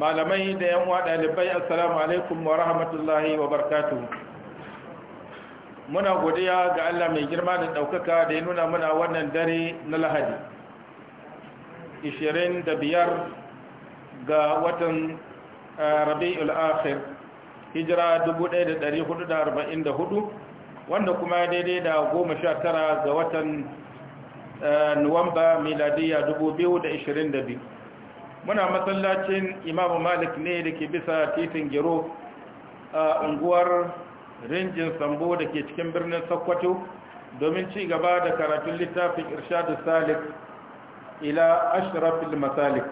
malamai da yan uwa ɗalibai assalamu alaikum wa rahmatullahi wa barakatuh muna godiya ga Allah mai girma da ɗaukaka da ya nuna muna wannan dare na lahadi 25 ga watan eh, rabi'ul akhir hijira 1444 wanda kuma daidai da 19 ga watan eh, nuwamba miladiya 2022 muna masallacin imamu malik ne da ke bisa titin gero a unguwar rinjin sambo da ke cikin birnin sokoto domin ci gaba da karatun littafin irshadu salik ila ashrafil masalik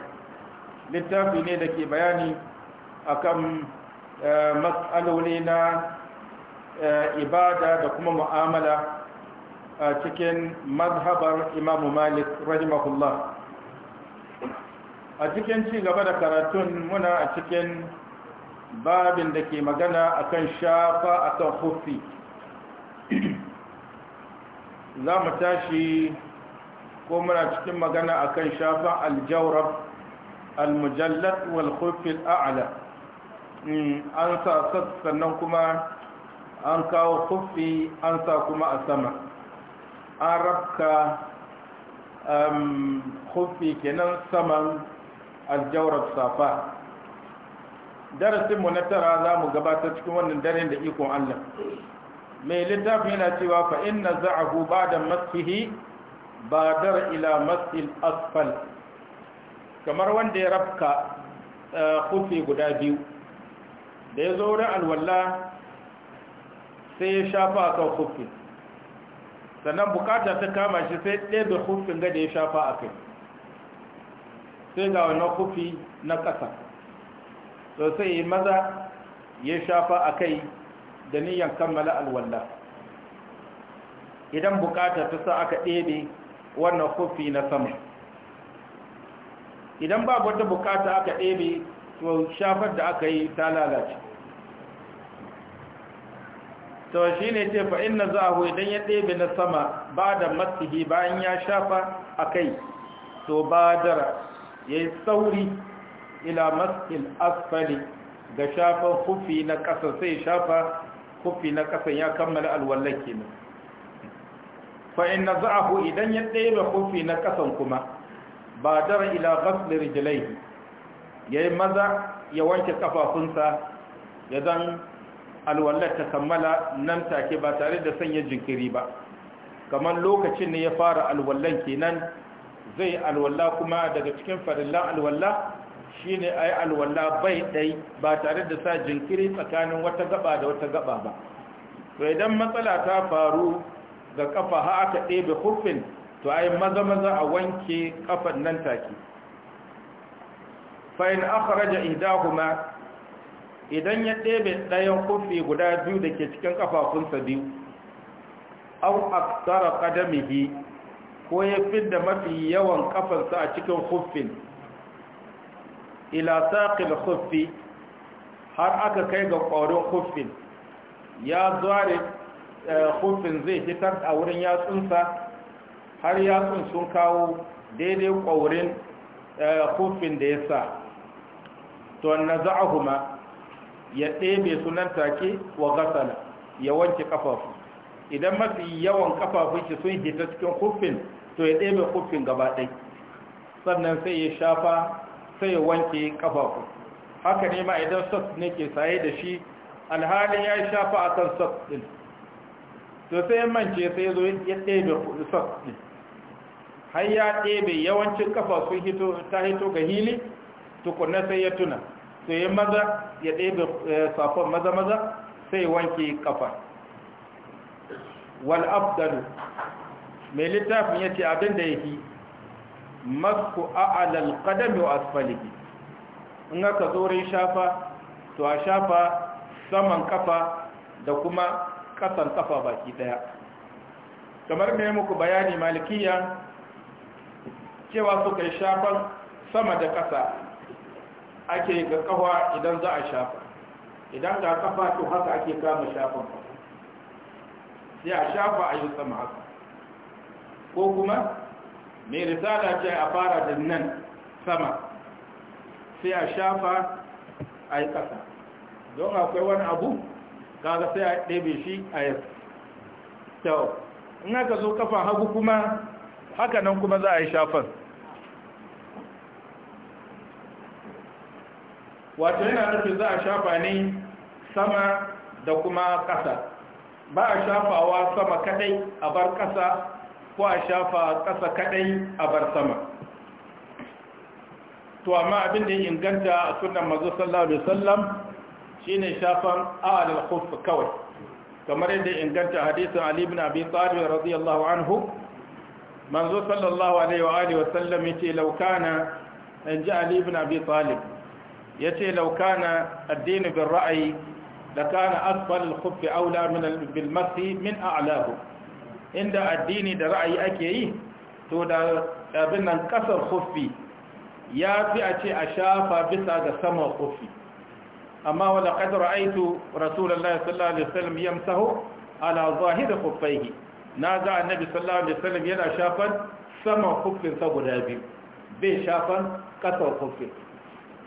littafi ne da ke bayani akan eh, matsaloli na eh, ibada da kuma mu'amala a cikin mazhabar imamu malik rahimahullah a cikin ci gaba da karatun muna a cikin babin da ke magana akan shafa kan hufi za mu tashi ko muna cikin magana akan shafan aljawrab almujallat wal hufi mm, an sa sannan kuma an kawo hufi an sa kuma a sama an rabka um, hufi kenan saman aljawar safa darasinmu na tara za mu gabatar cikin wannan daren da ikon allah mai littafi yana cewa fa inna a guba da masfihi ba dar ila masfil asfal kamar wanda ya rafka eh, kufi guda biyu da ya zo wurin alwallah sai ya shafa a kan kufi sannan bukata ta kama shi sai ɗaya da kufin ga da ya shafa a kai sai ga wani kufi na ƙasa to sai maza ya shafa a kai da niyan kammala alwalla idan bukata ta sa aka ɗebe wannan kufi na sama idan ba wata bukata aka ɗebe to shafar da aka yi ta lalace to shi ne ce fa'in na zahu idan ya ɗebe na sama ba da matsihi bayan ya shafa a kai to ba dara ya yi sauri ila maskil asfali ga shafan kufi na ƙasa sai shafa kufi na ƙasa ya kammala alwallar kenan fa'in na za'ahu idan ya ɗebe kufi na ƙasan kuma ba dara ila gasar rijilai ya yi maza ya wanke ƙafafunsa ya zan alwallar ta kammala nan take ba tare da sanya jinkiri ba kamar lokacin ne ya fara alwallar kenan zai alwala kuma daga cikin farillan alwala shine ayi alwala bai ɗai ba tare da sa jinkiri tsakanin wata gaba da wata gaba ba to idan matsala ta faru ga kafa ha aka ɗebe hufin to ayi maza maza a wanke kafan nan take fa in akhraja idahuma idan ya ɗebe ɗayan kufi guda biyu da ke cikin kafafunsa biyu au aktara qadamihi ko ya fidda mafi yawan kafarsa a cikin huffin ila saqil huffi har aka kai ga ƙwarin huffin ya zuware eh, huffin zai fitar a wurin yatsunsa har yatsun sun kawo daidai ƙwarin eh, huffin da ya sa to na za'ahuma ya ɗebe sunan take wa gasala ya wanke kafafu idan mafi yawan kafafun shi sun hita cikin kufin to ya ɗebe kufin gaba ɗai sannan sai ya shafa sai ya wanke kafafun haka ne ma idan socks ne ke saye da shi alhalin ya shafa a kan socks ɗin to sai mance sai ya zo ya ɗebe socks ɗin har ya ɗebe yawancin kafa sun hito ta hito ga hili tukunna sai ya tuna sai ya maza ya ɗebe eh, safon maza maza sai wanke kafa wal afdalu mai littafin ya ce abin da yake masku a'alal qadami wa asfalihi in aka zorin shafa to a shafa saman kafa da kuma kasan kafa baki daya kamar ne muku bayani malikiya cewa suka yi shafan sama da kasa ake ga kawa idan za a shafa idan ga kafa to haka ake kama shafan sai a shafa a yi sama haka ko kuma mai risala ce a fara da nan sama sai a shafa a yi ƙasa don akwai wani abu kaga sai a ɗebe shi a yi kyau in haka zo kafa hagu kuma haka nan kuma za a yi shafan wato yana nufin za a shafa ne sama da kuma ƙasa ba a shafawa sama kadai a bar kasa ko a shafa kasa kadai a bar sama to amma abin da ya inganta a sunan mazu sallallahu alaihi wasallam shine shafan a'al al kawai kamar yadda inganta hadisin Ali ibn Abi Talib radiyallahu anhu manzo sallallahu alaihi wa alihi wasallam yace law kana in ji Ali ibn Abi Talib yace law kana ad-din bil ra'yi لكان أسفل الخف أولى من بالمسح من أعلاه عند الدين ده رأي أكيه to da abin kasar kofi ya fi a ce a shafa bisa ga saman kofi amma wadda ƙadar aitu rasulallah sallallahu alaihi wasallam yamsahu ala zahir kofaihi na ga annabi sallallahu alaihi wasallam yana shafan saman kofin guda biyu bai shafan kasar kofin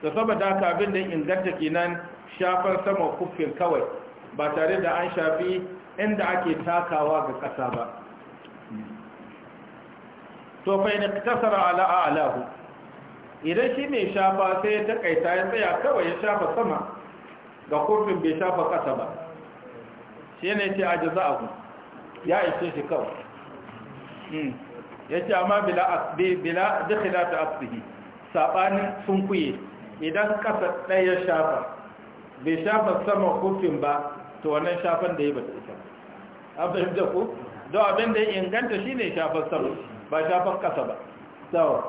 da saboda haka abin da inganta kenan shafar sama kufin kawai ba tare da an shafi inda ake takawa ga ƙasa ba to fa ina tasara ala alahu idan shi mai shafa sai ya takaita ya tsaya kawai ya shafa sama ga kufin bai shafa ƙasa ba shi ne ce a ku. ya ishe shi kawai hmm. ya ce amma bila dukkan ta asibiti, saɓanin sun kuye idan ƙasa ɗaya shafa bai shafa sama kufin ba to wannan shafan da ya bata ita an da ku da abin da ya inganta shi ne shafan sama ba shafan ƙasa ba sawa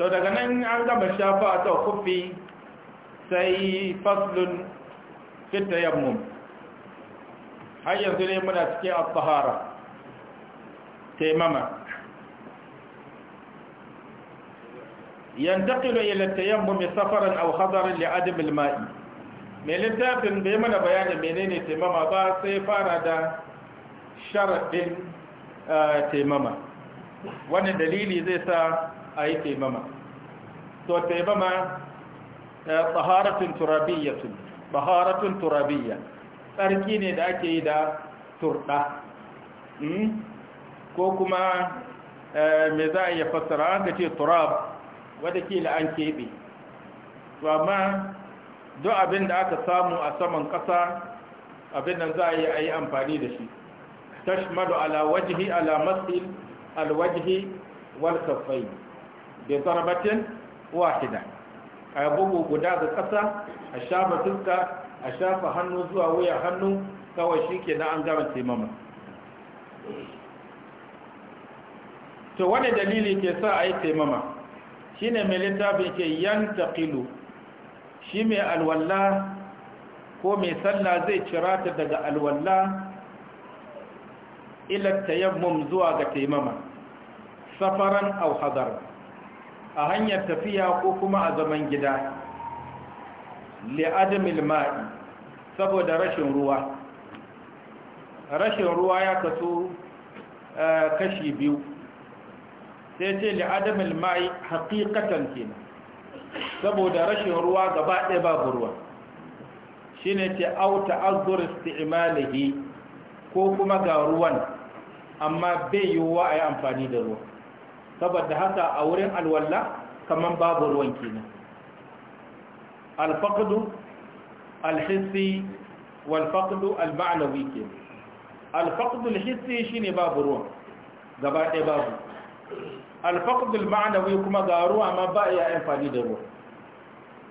to daga nan an gama shafa a ta kufi sai faslun fita yammun har yanzu ne muna cikin al-tahara taimama yantaqilu ila tayammum safaran aw khadaran li adam al ma'i mai littafin bai mana bayanin menene taimama ba sai fara da sharaɗin taimama wani dalili zai sa a yi taimama to taimama tsaharatun turabiyyatun tsaharatun turabiyya tsarki ne da ake yi da turɗa ko kuma me za a iya fassara ga ce turab wadda kila an keɓe to amma duk abin da aka samu a saman ƙasa abin nan za a yi a amfani da shi tashmalu ala wajhi ala masil alwajhi wal kaffai bi darbatin wahida a bugu guda ga ƙasa a shafa fuska a shafa hannu zuwa wuya hannu kawai shi ke na an gama taimama to wani dalili ke sa a yi taimama shine mai littafin ke yantaqilu shi mai alwalla ko mai sallah zai cira ta daga alwalla ila yammum zuwa ga taimama safaran aw a hanyar tafiya ko kuma a zaman gida li adamil ma'i saboda rashin ruwa rashin ruwa ya kasu eh, kashi biyu sai ce li adamil ma'i haƙiƙatan kenan saboda rashin ruwa gaba ɗaya babu ruwa shine ce au ta'azzur isti'malihi ko kuma ga ruwan amma bai yiwuwa a yi amfani da ruwa saboda haka a wurin alwalla kaman babu ruwan kenan alfaqdu alhissi walfaqdu alma'nawi kenan alfaqdu alhissi shine babu ruwan gaba ɗaya babu alfaqdul ma'anawi kuma ga ruwa ma ba ya amfani da ruwa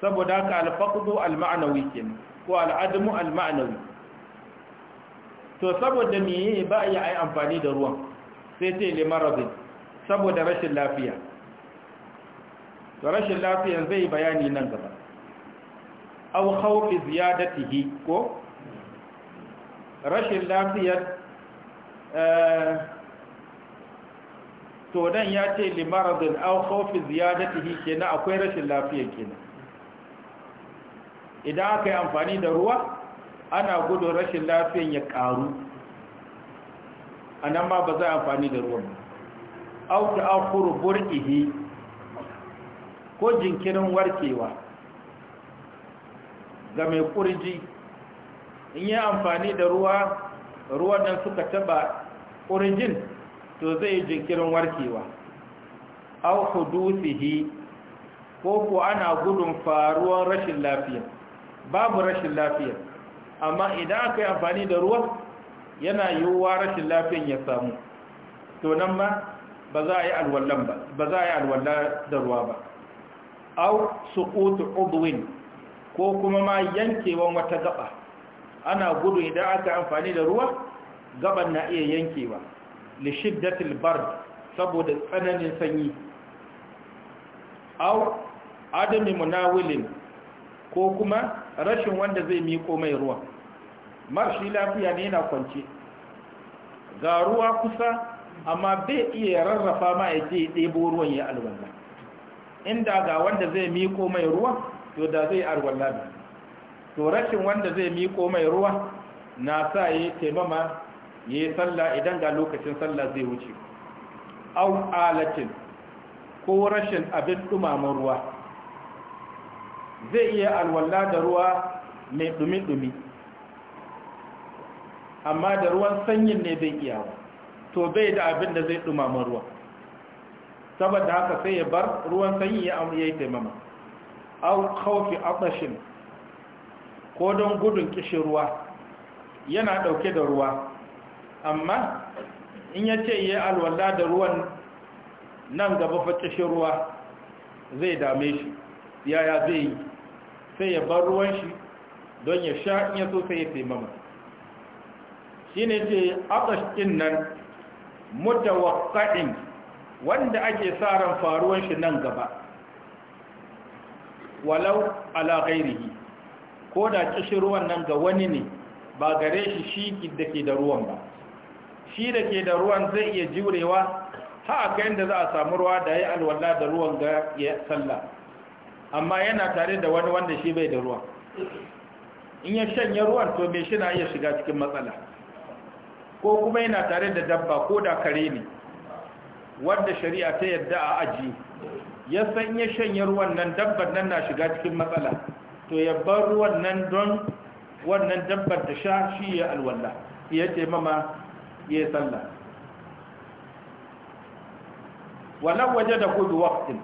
saboda ka alfaqdu alma'anawi kin ko al'admu alma'anawi to saboda me ba ya ai amfani da ruwan sai ce le maradin saboda rashin lafiya to rashin lafiya zai bayani nan gaba aw khawfi ziyadatihi ko rashin lafiyar eh, to nan ya ce limaradin au khawfi ziyadatihi kenan akwai rashin lafiya kenan idan aka yi amfani da ruwa ana gudun rashin lafiya ya karu anan ma ba za a amfani da ruwan au ta akhuru burqihi ko jinkirin warkewa ga mai kurji in yi amfani da ruwa ruwan nan suka taba kurjin to zai yi jinkirin warkewa au hudusihi ko ko ana gudun faruwar rashin lafiya babu rashin lafiya amma idan aka yi amfani da ruwa yana yiwuwa rashin lafiyan ya samu to nan ma ba za a yi alwallan ba ba za a yi alwalla da ruwa ba au suqutu udwin ko kuma ma yankewan wata gaba ana gudu idan aka yi amfani da ruwa gaban na iya yankewa li shiddatil bard saboda tsananin sanyi aw adami munawilin ko kuma rashin wanda zai miko mai ruwa marshi lafiya ne yana kwance ga ruwa kusa amma bai iya rarrafa ma ya je ɗebo ruwan ya alwala inda ga wanda zai miko mai ruwa to da zai alwala ne to rashin wanda zai miko mai ruwa na sa ya taimama yi sallah idan ga lokacin sallah zai wuce au alatin ko rashin abin dumaman ruwa zai iya alwala da ruwa mai dumi-dumi amma da ruwan sanyin ne bai iya to bai da abin da zai ɗumama ruwa saboda haka sai ya bar ruwan sanyi ya amuriya taimama au khawfi atashin ko don gudun kishin ruwa yana dauke da ruwa amma in ya ce ya alwala da ruwan nan gaba fatashin ruwa zai dame shi yaya zai yi sai ya bar ruwan shi don ya sha in ya so sai ya taimama shi ne ce akashin nan mutawakka'in wanda ake sa ran faruwan shi nan gaba walau ala ghairihi ko da kishin ruwan nan ga wani ne ba gare shi shi da ke da ruwan ba shi da ke da ruwan zai iya jurewa ha aka yadda za a samu ruwa da ya alwala da ruwan ga ya sallah amma yana tare da wani wanda shi bai da ruwa in ya shanye ruwan to me shi na iya shiga cikin matsala ko kuma yana tare da dabba ko da kare ne Wanda shari'a ta yadda a aji ya san ya shanye ruwan nan dabban nan na shiga cikin matsala to ya bar ruwan nan don wannan dabban ta sha shi ya alwala ya ce mama ya yi sallah wannan waje da kudu waktin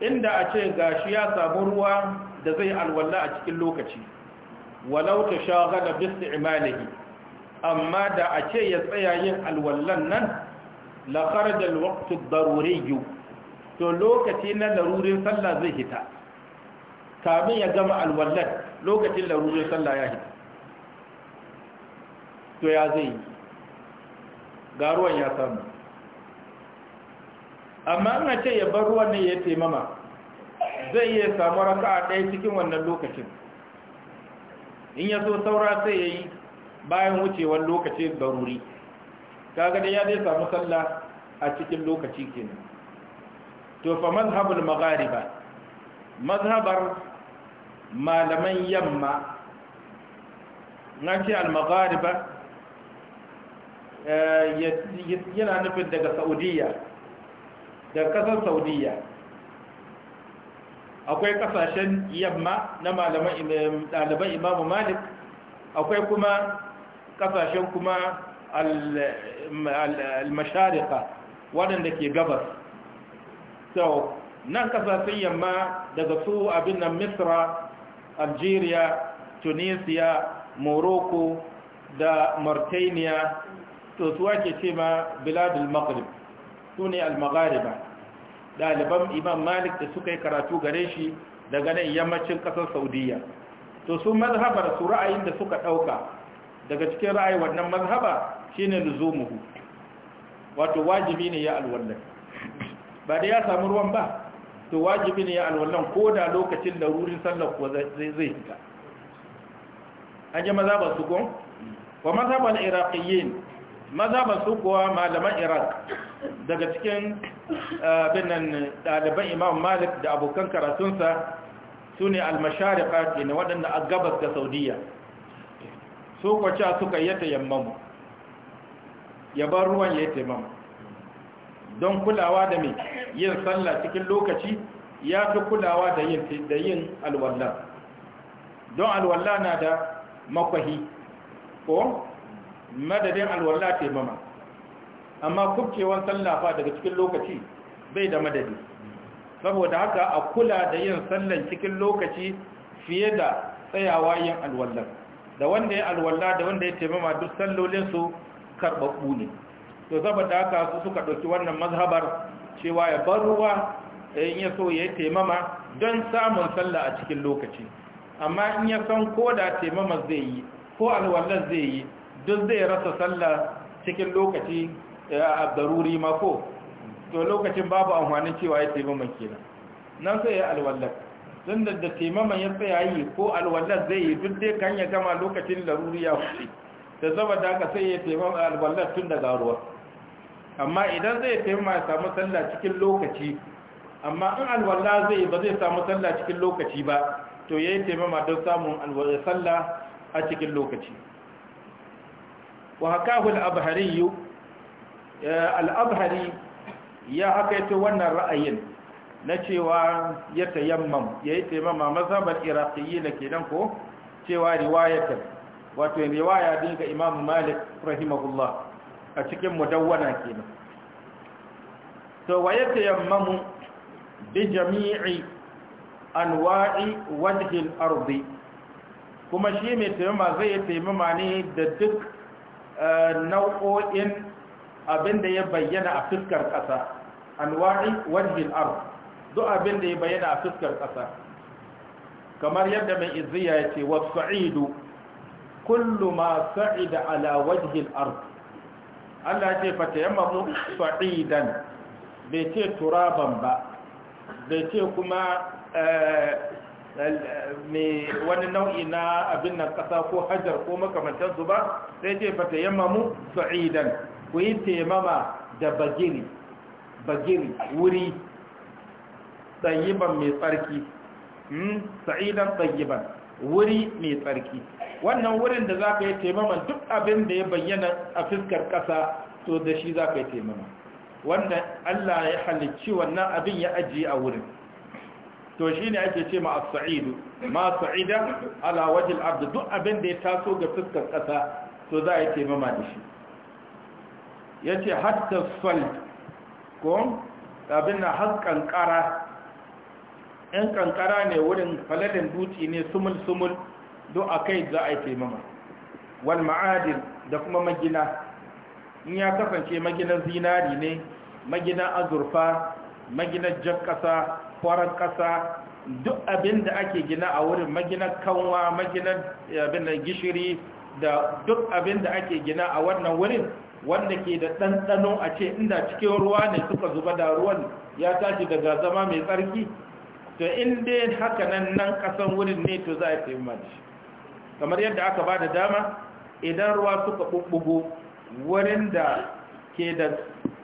inda a ce gashi ya samu ruwa da zai alwala a cikin lokaci walau ta shagala bisti imalihi amma da a ce ya tsaya yin alwallan nan laƙar da waktu yiwu, to lokaci na larurin sallah zai hita kamin ya gama alwallan lokacin larurin sallah ya hita to ya zai yi ga ruwan ya samu amma ina ce ya bar ruwan ne ya taimama zai iya samu raka a ɗaya cikin wannan lokacin in ya so saura sai ya yi bayan wucewar lokaci garuri kaga da ya zai samu sallah a cikin lokaci kenan to fa mazhabul mazhabar malaman yamma na ce al Eh, yana nufin daga saudiya da kasar saudiya akwai kasashen yamma na ɗaliban imamu malik akwai kuma kasashen kuma al-masharika waɗanda ke gabas so nan kasashen yamma daga su abin nan misra algeria tunisia morocco da mauritania to su ake ce ma biladul maghrib su ne al-maghariba ɗaliban imam malik da suka yi karatu gare shi daga nan yammacin ƙasar saudiya to su mazhabar su ra'ayin da suka ɗauka daga cikin ra'ayi wannan mazhaba shine luzumuhu wato wajibi ne ya alwallan ba da ya samu ruwan ba to wajibi ne ya alwallan ko da lokacin da rurin sallar kuwa zai zai fita an ji mazhabar su gon wa mazhabar iraqiyyin mazhaban su kuwa malaman iraq daga cikin eh, binan ɗaliban imam malik da abokan karatunsa su ne almasharika ne na waɗanda a gabas ga saudiya su kwace suka yi tayammamu ya bar ruwan ya yi don kulawa da mai yin sallah cikin lokaci ya fi kulawa da yin alwallah don alwallah na da makwahi ko madadin alwala taimama amma kubcewan sallah fa daga cikin lokaci bai da madadi saboda haka a kula da yin sallan cikin lokaci fiye da tsayawa yin alwallar da wanda ya alwalla da wanda ya taimama duk sallolinsu karɓaɓɓu ne to saboda haka su suka ɗauki wannan mazhabar cewa ya bar ruwa eh, in ya so ya yi taimama don samun sallah a cikin lokaci amma in ya san ko da taimama zai yi ko alwallar zai yi duk zai rasa sallah cikin lokaci eh, a daruri mako to lokacin babu amfani cewa ya taimaman kenan nan sai ya alwallar tun da da ya tsaya yi ko alwallar zai yi duk dai kan ya gama lokacin daruri ya fushi da da haka sai ya taimaman alwallar tun daga ruwa amma idan zai taimama ya samu sallah cikin lokaci amma in alwallar zai ba zai samu sallah cikin lokaci ba to ya yi taimama don samun alwallar sallah a cikin lokaci wa hakahu al-abhari al-abhari ya hakaita wannan ra'ayin na cewa ya tayammam ya yi taimama mazhabar iraqiyyi na kenan ko cewa riwayatar wato riwaya din ga imam malik rahimahullah a cikin mudawwana kenan to wa ya bi anwa'i wajhil ardi kuma shi mai taimama zai taimama ne da duk Eh, nau'o'in abinda ya bayyana a fuskar ƙasa anwa'i wajhil ard duk abinda ya bayyana a fiskar ƙasa kamar yadda mai izziya ya ce wasu'idu kullu ma sa'ida ala wajhil ard Allah ce fatayammamu sa'idan bai ce turaban ba bai ce kuma eh, wani nau'i na abin nan ƙasa ko hajar ko makamantansu ba sai ce fata yammamu sa'idan ku yi taimama da bagiri bagiri wuri tsayiban mai tsarki hmm, sa'idan tsayiban wuri mai tsarki wannan wurin da za ka yi taimama duk abin da ya bayyana a fiskar ƙasa to da shi za ka yi taimama wannan allah ya halicci wannan abin ya ajiye a wurin to shi ne ake ce ma asa'idu saidu ma sa'ida ala wajen abd duk abin da ya taso ga fuskar kasa to za a yi taimama da shi yace hatta sal ko abin na har kara Yan kankara ne wurin falalin duci ne sumul sumul duk akai za a yi taimama wal ma'adin da kuma magina in ya kasance maginan zinari ne maginan azurfa maginan jan farar ƙasa duk abin da ake gina a wurin maginar kanwa maginar eh, abin da gishiri da duk abin da ake gina a wannan wurin wanda ke da ɗanɗano a ce inda cikin ruwa ne suka zuba da ruwan ya tashi daga zama mai tsarki to in dai haka nan nan ƙasan wurin ne to za a fi mace kamar yadda aka ba da dama idan ruwa suka ɓuɓɓugo wurin da ke da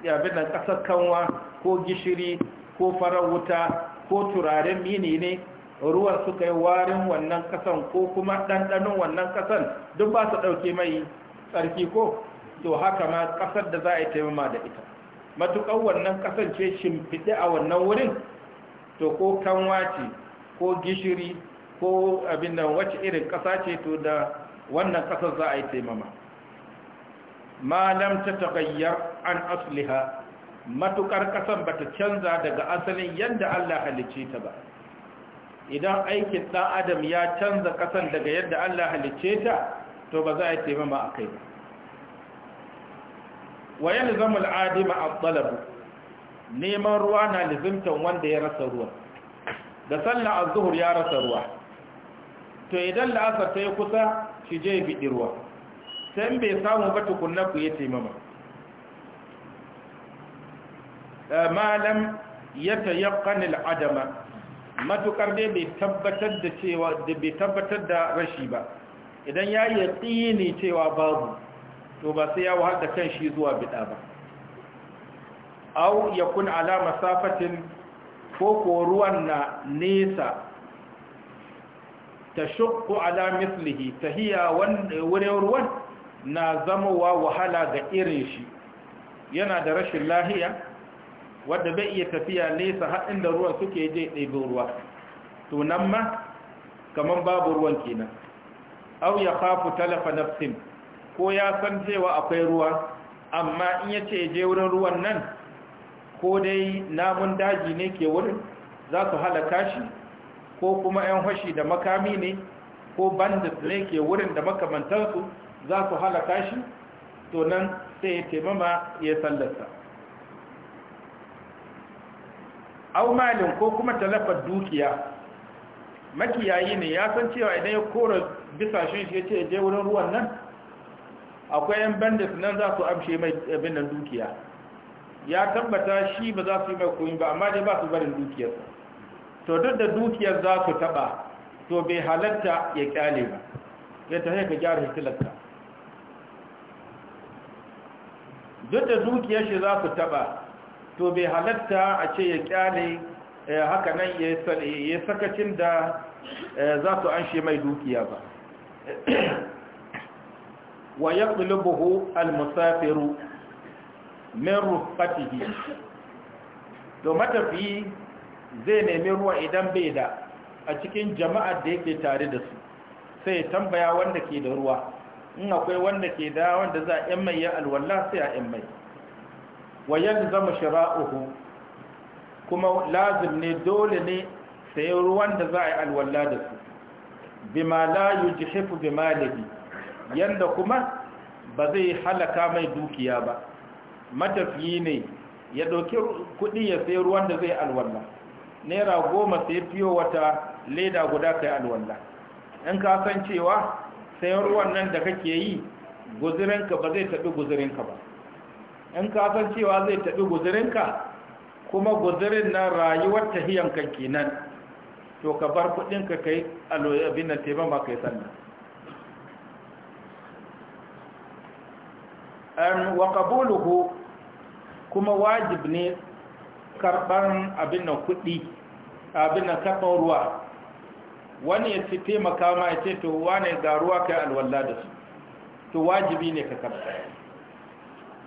yabin ƙasar kanwa ko gishiri ko farar wuta ko turaren mini ne ruwan suka yi warin wannan kasan ko kuma ɗanɗanon wannan kasan duk ba su ɗauke mai tsarki ko to haka ma ƙasar da za a yi taimama da ita matuƙar wannan ƙasan ce shimfiɗe a wannan wurin to ko kanwa ce ko gishiri ko abin da wacce irin ƙasa ce to da wannan ƙasar za a yi taimama malam ta taƙayyar an asliha matukar kasan ta canza daga asalin yadda Allah halicce ta ba idan aikin ɗan adam ya canza kasan daga yadda Allah halicce ta to ba za a yi taimama ma kai ba wa zamul al'adima a tsalabu neman ruwa na lizimtan wanda ya rasa ruwa da sallar az ya rasa ruwa to idan la'asar ta yi kusa shi je biɗi ruwa sai bai samu ba tukunna ku yi taimama malam ya tayakkanin adama matukar dai bai tabbatar da cewa bai tabbatar da rashi ba idan ya yi tsini cewa babu to ba sai ya wahar da kan shi zuwa bida ba au ya kun alama safatin ko ko ruwan na nesa ta shukku ala mislihi ta hiya wurin ruwan na zamowa wahala ga irin shi yana da rashin lahiya wadda bai iya tafiya nesa haɗin da ruwan suke je ɗaibin ruwa to nan ma kamar babu ruwan kenan au ya kafu talafa nafsin ko ya san cewa akwai ruwa amma in ya ce je wurin ruwan nan ko dai namun daji ne ke wurin za su halaka shi ko kuma 'yan hashi da makami ne ko bandit ne ke wurin da makamantarsu za su halaka shi to nan sai ya taimama ya sallarsa au malin ko kuma talafar dukiya makiyayi ne ya san cewa idan ya kora bisashen shi ya ce je wurin ruwan nan akwai yan bandit nan za su amshe mai abin nan dukiya ya tabbata shi ba za su yi mai koyi ba amma dai ba su barin dukiyar. to duk da dukiyar za su taba to bai halatta ya kyale ba ya ta ka gyara hitilarsa duk da dukiyar shi za su taba to bai halatta a ce ya kyale eh, haka nan ya sakacin da eh, za su an shi mai dukiya ba wa ya ɗulubuhu almusafiru min rufatihi to matafi zai nemi ruwa idan bai da a cikin jama'ar da yake tare da su sai tambaya wanda ke da ruwa in akwai wanda ke da wanda za a yan mai ya alwallah sai a yan mai wa yalzamu shira'uhu kuma lazim ne dole ne sai ruwan da za a yi alwala da su bima la yujhifu malihi yanda kuma ba zai halaka mai dukiya ba matafiyi ne ya ɗauki kuɗi ya sai ruwan da zai alwala naira goma sai fiyo wata leda guda kai alwala in ka san cewa sayan ruwan nan da kake yi guzurinka ba zai taɓi guzurinka ba in ka san cewa zai tafi guzurinka kuma guzurin na rayuwar tahiyanka kenan to ka bar kudinka kai bin na teban ba kai sannan an wa qabuluhu kuma wajib ne karban abin nan kudi abin nan karban ruwa wani ya ci taimaka ma ya ce to wane ga ruwa kai alwala da su to wajibi ne ka karba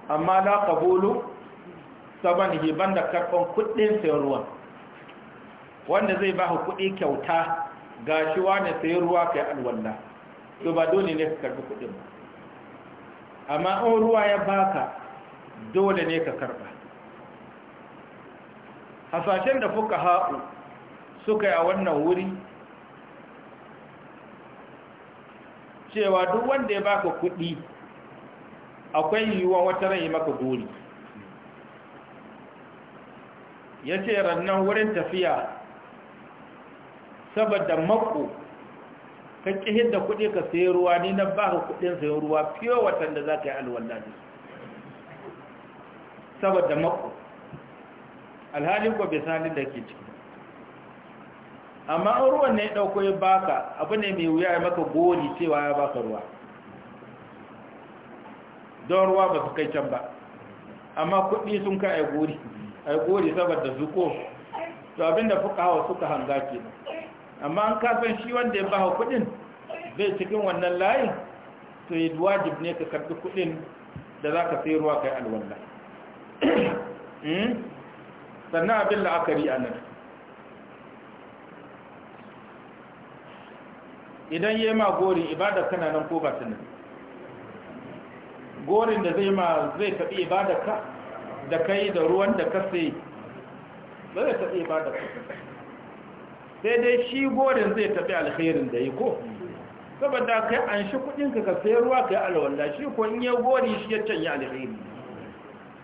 amma la qabulu sabanihi banda karban kudin sayan ruwan wanda zai ba ku kudi kyauta gashi wani sayan ruwa kai alwala to ba dole ne ka karbi kudin ba amma in ruwa ya baka dole ne ka karba hasashen da fuka ha'u suka yi a wannan wuri cewa duk wanda ya baka kuɗi akwai yiwuwa wata ran yi maka guri ya ce rannan wurin tafiya saboda mako ka ƙihid da kuɗi ka sayi ruwa ni na ba ka kuɗin sayi ruwa fiye watan da za ka yi alwallah da saboda mako alhalin ko bai sanin da ke ciki amma ruwan ne ya ɗauko ya baka abu ne mai wuya ya maka goli cewa ya baka ruwa don ruwa ba su kai can ba amma kuɗi sun ka aigori gori gori saboda zuko to abinda fuka hawa suka hanga ke amma an kasan shi wanda ya ba hawa kuɗin zai cikin wannan layin to yi wajib ne ka karɓi kuɗin da za ka sai ruwa kai alwalla hmm? sannan abin la'akari a nan idan yi ma gori ibada kana nan ko ba tunan gorin da zai ma zai taɓi ka da kai da ruwan da ka sai zai taɓi ka, sai dai shi gorin zai taɓi alherin da yi ko saboda kai an shi kudin ka sai ruwa kai yi alwalla shi ko in yi gori shi ya canya alheri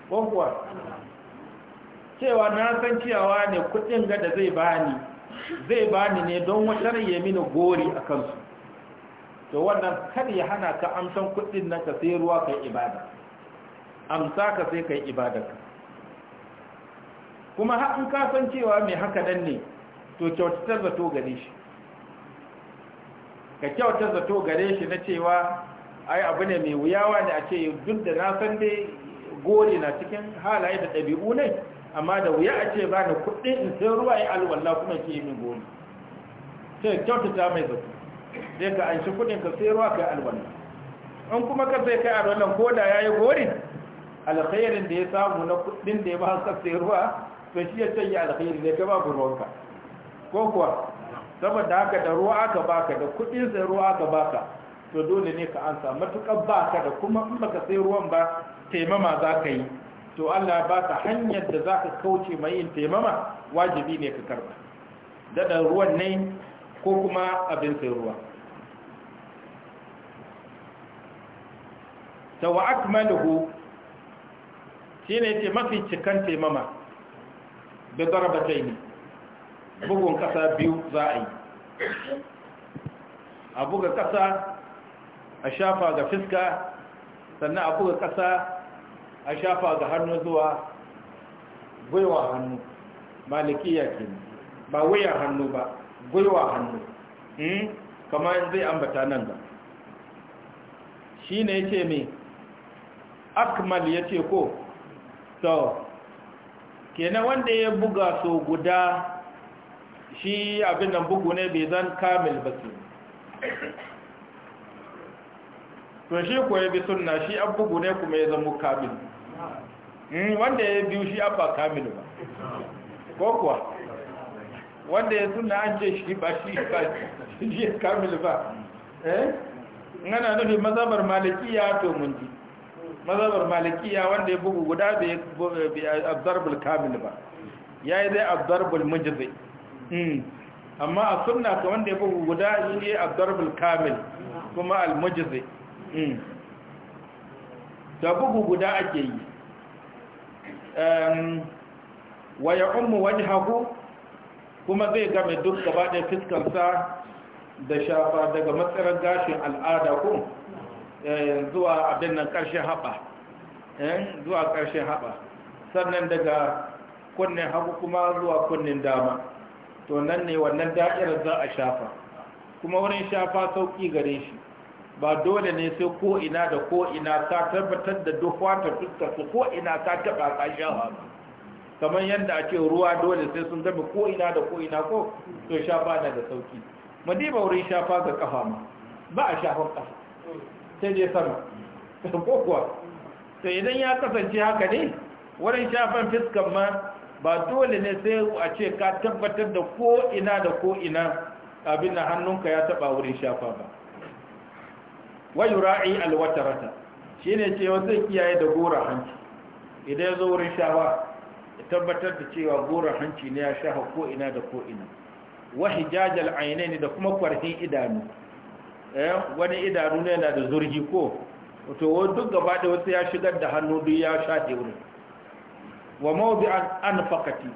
ko kuwa cewa na san ciyawa ne kudin ga da zai bani zai bani ne don wata rage mini gori a kansu to wannan kar ya hana ka amsan kuɗin nan ka sai ruwa kai ibada amsa ka sai kai ibadarka kuma har in ka san cewa mai haka nan ne to da zato gare shi ka kyautar zato gare shi na cewa ai abu ne mai wuyawa ne a ce duk da na san dai gori na cikin halaye da ɗabi'u ne amma da wuya a ce ba na kuɗi in sai ruwa ya alwala kuma ke yi min gori sai kyautata mai zato sai ka anshi kudin ka ruwa kai in kuma ka sai kai alwalan ko da yayi gori alkhairin da ya samu na kudin da ya ba ka ruwa to shi ya canja alkhairi ne ka ba ruwanka ko kuwa saboda haka da ruwa aka baka da kudin sai ruwa aka baka to dole ne ka ansa matukar baka da kuma in baka sai ruwan ba taimama za ka yi to Allah ba ka hanyar da za ka kauce mai yin taimama wajibi ne ka karba daɗa ruwan ne ko kuma abin sai ruwa ta wa akmaluhu shi ne ce mafi cikan taimama da zarabatai ne bugun kasa biyu za a yi a buga kasa a shafa ga fiska sannan a buga kasa a shafa ga hannu zuwa gwiwa hannu malikiya ke ba wuyan hannu ba gwiwa hannu hmm? kama in zai ambata nan ga shi ne ce mai akmal ya ce ko so kenan wanda ya buga so guda shi abin nan bugu ne bai zan kamil ba su to shi ko ya bi sunna shi an bugu ne kuma ya zama kamil hmm, wanda ya biyu shi an ba kamil ba ko kuwa wanda ya suna an ce shi ba shi ba shi ya kamil ba eh ngana nufin mazabar malikiya to mun ji mazabar malikiya wanda ya bugu guda da ya abdarbul kamil ba ya yi dai abdarbul hmm amma a sunna ka wanda ya bugu guda shi ne abdarbul kamil kuma al hmm da bugu guda ake yi wa ya ummu wajhahu kuma zai game duk gaba da sa da shafa daga matsarar gashin al'ada ko eh, zuwa abin nan ƙarshen haɓa eh, zuwa ƙarshen haɓa sannan daga kunnen hagu kuma zuwa kunnen dama to nan ne wannan da'irar za a shafa kuma wurin shafa sauƙi gare shi ba dole ne sai ko ina da ko ina ta tabbatar da duk wata fuskar su ko ina ta taɓa ƙashawa ba kamar yadda a ce ruwa dole sai sun zama ko ina da ko ina ko to shafa na da sauki madiba wurin shafa ga kafa ma ba a shafan kafa sai dai sama ko kuwa to idan ya kasance haka ne wurin shafan fiskan ma ba dole ne sai a ce ka tabbatar da ko ina da ko ina abin na hannunka ya taba wurin shafa ba wa yura'i alwatarata shine cewa zai kiyaye da gora hanci idan ya zo wurin shafa ya tabbatar da cewa gora hanci ne ya shafa ina da ina wahi jajal aine ne da kuma kwarfin idanu eh, wani idanu ne na da zurgi ko wato duk gaba da wasu ya shigar da hannu duk ya shafe wurin wa mawzi an fakati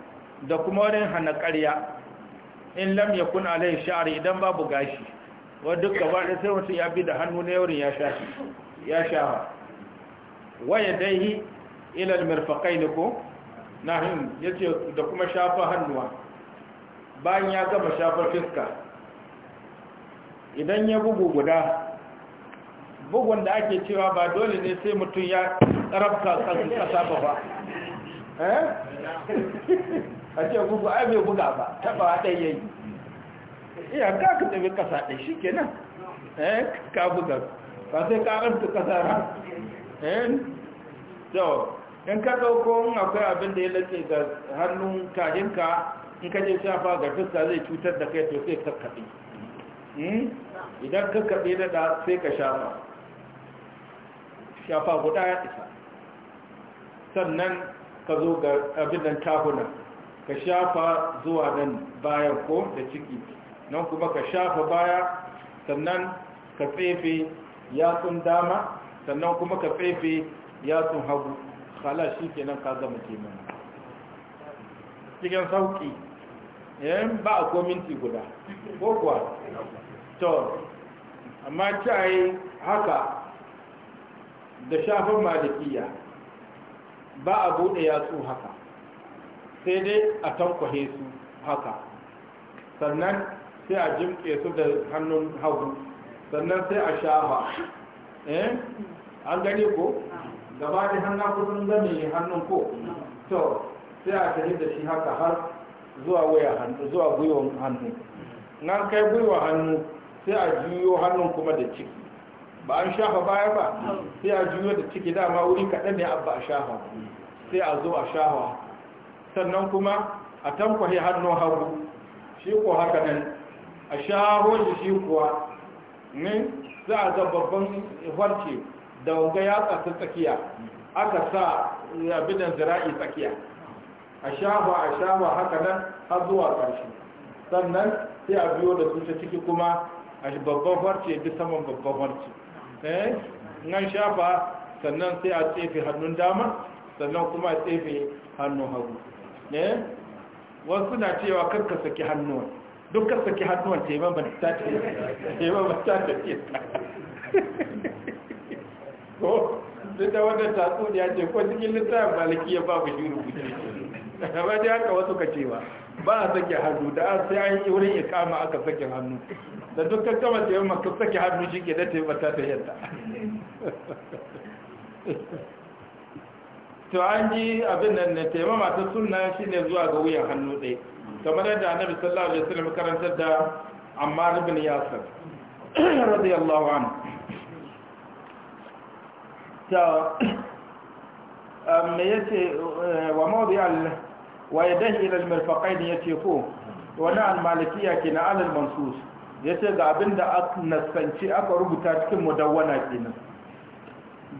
da kuma wani hana karya in lam yakun alai sha'ari idan babu gashi wani duk gaba da sai wasu ya bi da hannu ne wurin ya shafe ya shafa wa yadaihi ila al-mirfaqain ko nahim yace da kuma shafa hannuwa bayan ya gama shafar fiska idan ya bugu guda bugun da ake cewa ba dole ne sai mutum ya tsarabta kasa ba ba eh a ce bugu ai bai buga ba taba ɗai yayi iya ka ka tafi kasa ɗai shi kenan eh ka buga ba sai ka ƙarfi kasa ra eh to in ka ɗauko in akwai abin da ya lake ga hannun kahinka in ka je shafa ga fuska zai cutar da kai to sai kaɗe hmm? idan kakkaɓe na da sai ka shafa shafa guda ya isa sannan ka zo ga abin nan tahunan ka shafa zuwa nan bayan ko da ciki nan kuma ka shafa baya sannan ka tsefe yatsun dama sannan kuma ka tsefe yatsun hagu khala shi kenan ka gama kenan cikin sauki yayin ba a ko minti guda ko kuwa to amma cayi haka da shafin malikiya ba a bude yatsu haka sai dai a tankwahe su haka sannan sai a jimke su da hannun hagu sannan sai a shafa an gani ko gaba da hannun kusan zame hannun ko to sai a tafi da shi haka har zuwa waya hannu zuwa gwiwa hannu na kai gwiwa hannu sai a juyo hannun kuma da ciki ba an shafa baya ba sai a juyo da ciki dama wuri kaɗan ne abba a shafa sai a zo a shafa sannan kuma a tankwahi hannun hagu shi ko haka nan a shaho shi shi kuwa ne za a babban farce da wanga ya ta tsakiya aka sa eh, abinan zira'i tsakiya a shafa a shafa haka nan har zuwa ƙarshe sannan sai a biyo da su ta ciki kuma a babban farce duk saman babban farce eh nan shafa sannan sai a tsefe hannun dama sannan kuma a tsefe hannun hagu eh wasu na cewa ka saki hannuwan duk ka saki hannuwan taimakon ta ce ba ta ce. ko duk da wannan tatsuniya ce ko cikin littafin ya babu shi rubuce amma dai haka wasu ka cewa ba a sake hannu da an sai an yi wurin ikama aka sake hannu da dukkan kama ta yamma ka sake hannu shi ke da ta yi mata ta yadda to an ji abin nan ne taimama ta sunna ne zuwa ga wuyan hannu ɗaya kamar yadda annabi sallallahu alaihi wasallam karantar da ammar ibn yasir radiyallahu anhu me yace wa mawdi al wa yadahi ila al mirfaqain yace ko wani al malikiya kenan al mansus yace ga abinda aka nasanci aka rubuta cikin mudawwana kenan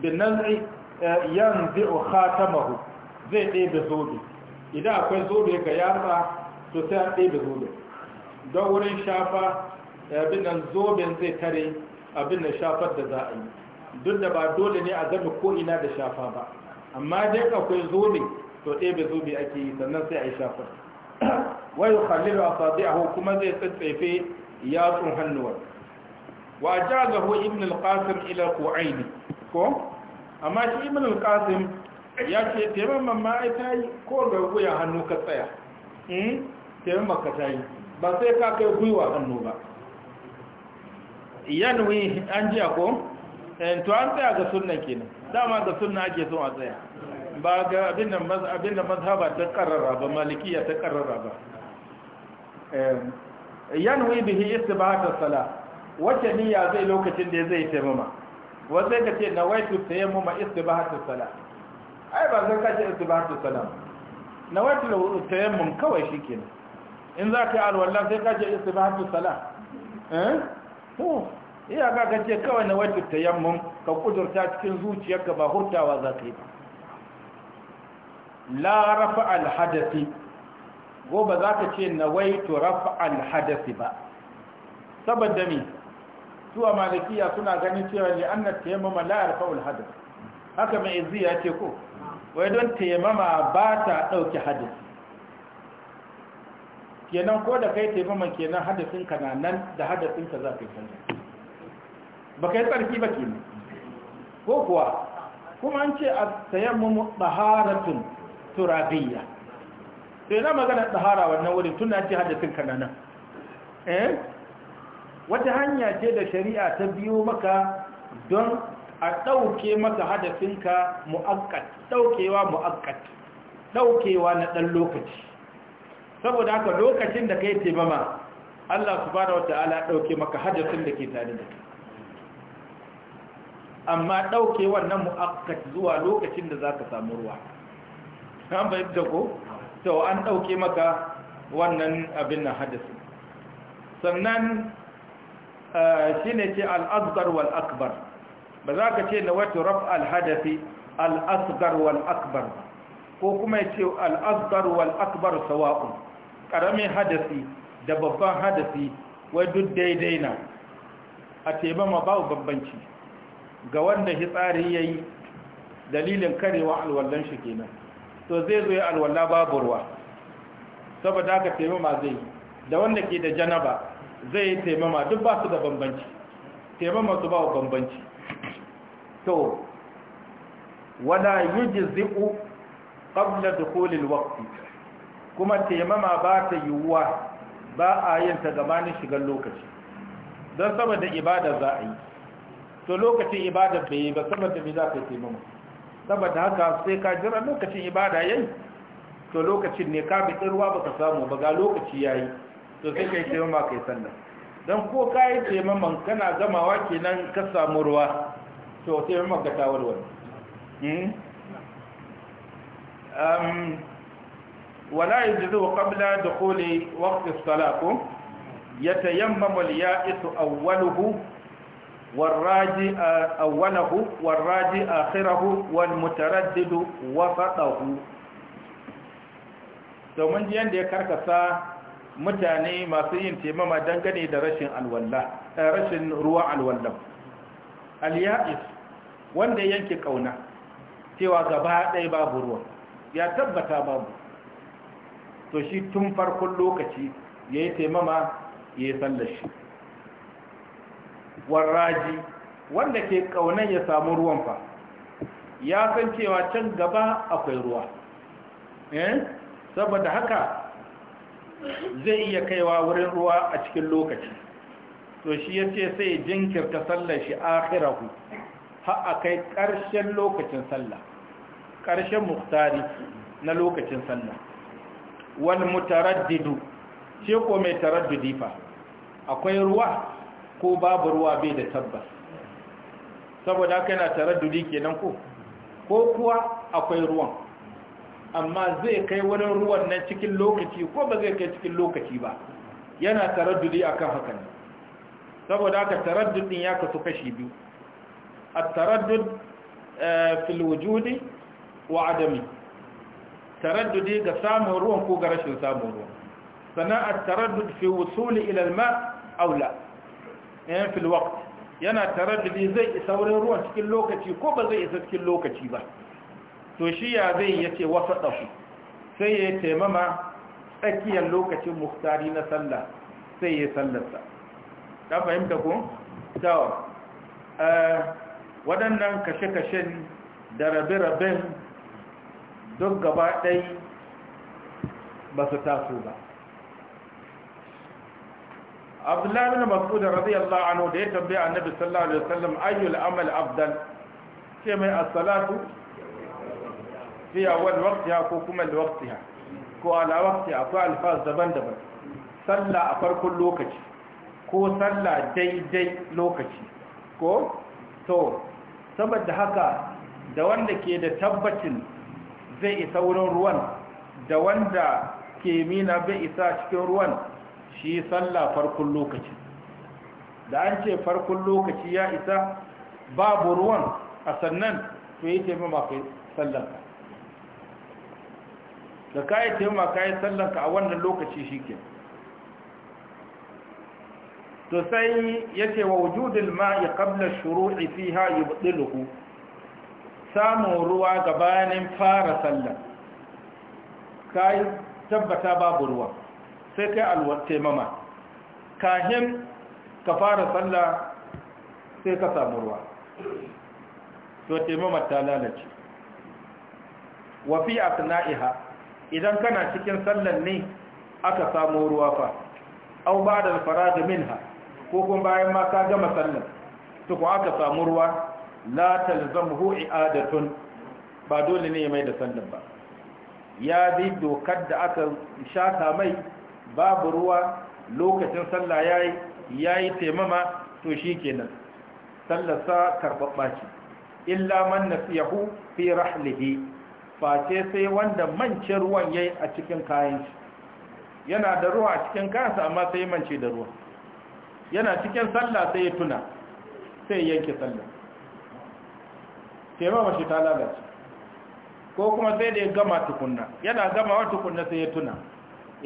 bin naz'i yanzi'u khatamahu zai ɗebe zobe idan akwai zobe ga yatsa to sai an ɗebe zobe don wurin shafa abin nan zoben zai tare abin da shafar da za a yi duk da ba dole ne a zama ko ina da shafa ba amma dai akwai zobe to ɗebe zobe ake yi sannan sai a yi shafa wai khalilu asabi'ahu kuma zai ya sun hannuwa wa ajazahu ibn al-qasim ila qu'aini ko amma shi ibn al-qasim ya ce taimakon ma ai ta yi ko ga wuyan hannu ka tsaya hmm? taimakon ka ta yi ba sai ka kai gwiwa hannu ba yanwi an jiya ko Eh, to an tsaya ga sunan kenan dama ga sunna ake son a tsaya ba ga abin da mazhaba ta karara ba malikiya ta karara ba Yan eh, yanwi bihi istibata sala wace niyya zai lokacin da zai taimama mama sai ka ce nawaitu tayammuma istibata sala ai ba zan kace istibata sala yi mun kawai shikenan in za ka yi alwallah sai ka ce istibata sala eh iya ka kace ce kawai na wajib tayammum ka kudurta cikin zuciyarka ba hurtawa za ka yi ba. la rafa alhadasi gobe za ka ce na wai to rafa alhadasi ba saboda me zuwa malikiya suna ganin cewa ne an na tayammama la rafa alhadasi haka mai izi ya ce ko wai don tayammama ba ta ɗauki hadasi kenan ko da kai taimaman kenan hadasinka na nan da hadasinka za ka yi canza ba ka yi tsarki ba ke ko kuwa kuma an ce a tayammumu ɗaharatun turabiyya sai na magana ɗahara wannan wurin tun na ce hadisin kanana eh wata hanya ce da shari'a ta biyo maka don a ɗauke maka hadafinka mu'akkat ɗaukewa mu'akkat ɗaukewa na ɗan lokaci saboda haka lokacin da ka yi taimama Allah su subhanahu wata ala ɗauke maka hadafin da ke tare da ka. amma ɗauke wannan mu'akkat zuwa lokacin da za ka samu ruwa an yadda ko to an ɗauke maka wannan abin na hadasi sannan eh, shi ne ce al'asgar wal akbar ba za ka ce na wata raf al-hadasi al'asgar wal akbar ko kuma ce al'asgar wal akbar sawa'un ƙaramin hadasi da babban hadasi wai duk daidai na a teba ma babu babbanci ga wanda hitsari ya yi dalilin karewa alwallon shi ke nan to zai zo ya alwalla babu ruwa saboda haka taimama zai yi da wanda ke da janaba zai yi taimama duk ba su da bambanci taimama su ba wa bambanci to yi wala ƙabla da kolin wakti kuma taimama ba ta yiwuwa ba a yin ta gabanin shigar lokaci don saboda ibada za a yi to lokacin ibada bai yi ba saboda me za ka yi mama saboda haka sai ka jira lokacin ibada yayi to lokacin ne ka bi ruwa baka samu ba ga lokaci yayi to sai kai sai mama kai sallah dan ko ka sai taimaman kana gamawa kenan ka samu ruwa to sai mama ka tawarwar hmm um ولا يجزو قبل دخول وقت الصلاة يتيمم اليائس أوله والراجي أوله والراجي آخره والمتردد وسطه domin jiyan ya karkasa mutane masu yin taimama dangane da rashin alwallah rashin ruwa alwallah al-ya'is wanda yanke ƙauna, cewa gaba ɗaya babu ruwa ya tabbata babu to shi tun farkon lokaci yayi taimama ya sallar shi warraji wanda ke kaunan ya samu ruwan fa ya san cewa can gaba akwai ruwa eh saboda haka zai iya kaiwa wurin ruwa a cikin lokaci to shi yace sai jinkirta sallar shi akhirahu ha akai karshen lokacin sallah karshen muhtari na lokacin sallah wal mutaraddidu shi ko mai taraddudi fa akwai ruwa ko babu ruwa bai da tabbas saboda haka yana taraddudi kenan ko ko kuwa akwai ruwan amma zai kai wurin ruwan nan cikin lokaci ko ba zai kai cikin lokaci ba yana taraddudi akan hakan saboda haka taraddudin ya kasu kashi biyu at-taraddud eh, fil wujudi wa adami taraddudi ga samun ruwan ko ga rashin samun ruwan sannan at-taraddud fi wusuli ila al-ma aw la in eh, fil waqt yana taraddudi zai isa wurin ruwan cikin lokaci ko ba zai isa cikin lokaci ba to shi ya zai yace wasa dafu sai ya taimama tsakiyar lokacin muktari na sallah sai ya sallarsa ka fahimta ko eh waɗannan kashe-kashen da rabe-raben duk gaba ɗai ba su taso ba abdullahi bin mas'ud radiyallahu anhu da ya tambaya annabi sallallahu alaihi wasallam ayyul amal afdal ce mai as-salatu fi awwal waqtiha ko kuma al-waqtiha ko ala waqtiha ko alfaz daban-daban sallah a farkon lokaci ko sallah daidai lokaci ko to saboda haka da wanda ke da tabbacin zai isa wurin ruwan da wanda ke mina bai isa cikin ruwan shi sallah farkon lokaci da an ce farkon lokaci ya isa babu ruwan a sannan to yi taimama kai sallanka da ka yi taimama ka yi sallanka a wannan lokaci shi ke to sai ya ce wa wujudin ma'i ƙablar shuru'i ya ha yi samun ruwa gabanin fara sallah ka yi tabbata babu ruwa sai kai alwatte mama kahin ka fara sallah sai ka samu ruwa to mama ta lalace wafi asna'iha idan kana cikin sallan ne aka samu ruwa fa au ba'da al-farad minha ko kuma bayan ma ka gama sallan to ko aka samu ruwa la talzamhu i'adatun ba dole ne mai da sallan ba ya bi dokar da aka shata mai babu ruwa lokacin sallah yayi yayi taimama to shikenan sa karbabba ce illa man nasiyahu fi rahlihi face sai wanda mance ruwan yayi a cikin kayan shi yana da ruwa a cikin kansa amma sai mance da ruwa yana cikin sallah sai ya tuna sai yanke sallah taimama shi ta lalace ko kuma sai da ya gama tukunna yana gama wa tukunna sai ya tuna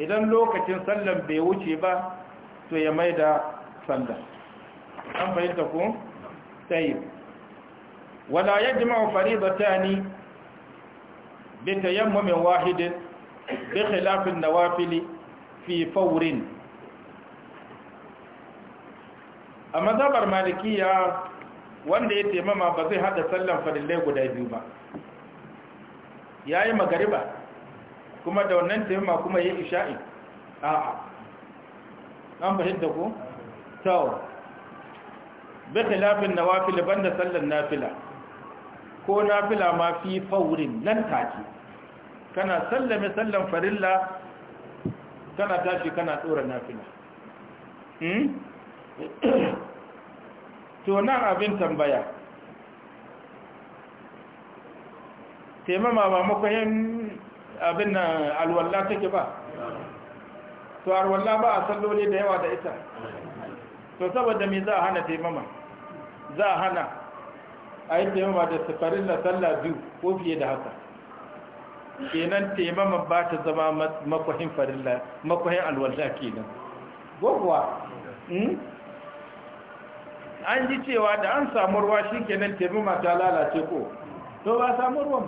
idan lokacin sallan bai wuce ba to ya mai da sallan an fahimta ku tsayi wala ya jima'u bi tayammumin wahidin bi khilafin nawafili fi fawrin a mazabar malikiya wanda ya taimama ba zai hada sallan farillai guda biyu ba yayi magariba kuma da wannan taimama kuma ya isha'i a'a an fahimta ku? tau bai lafin na wafila banda sallan nafila ko nafila ma fi faurin nan taki kana sallame sallan farilla kana tashi kana tsoron nafila hmm? to nan abin tambaya taimama ba makwai abin nan alwalla take ba to alwalla ba a salloli da yawa da ita to saboda me za a hana taimama za a hana a yi taimama da safarin na sallah biyu ko fiye da haka kenan taimama ba ta zama makwahin farilla makwahin alwalla kenan gwagwa hmm? an ji cewa da an samu ruwa shi kenan taimama ta lalace ko to ba samu mu.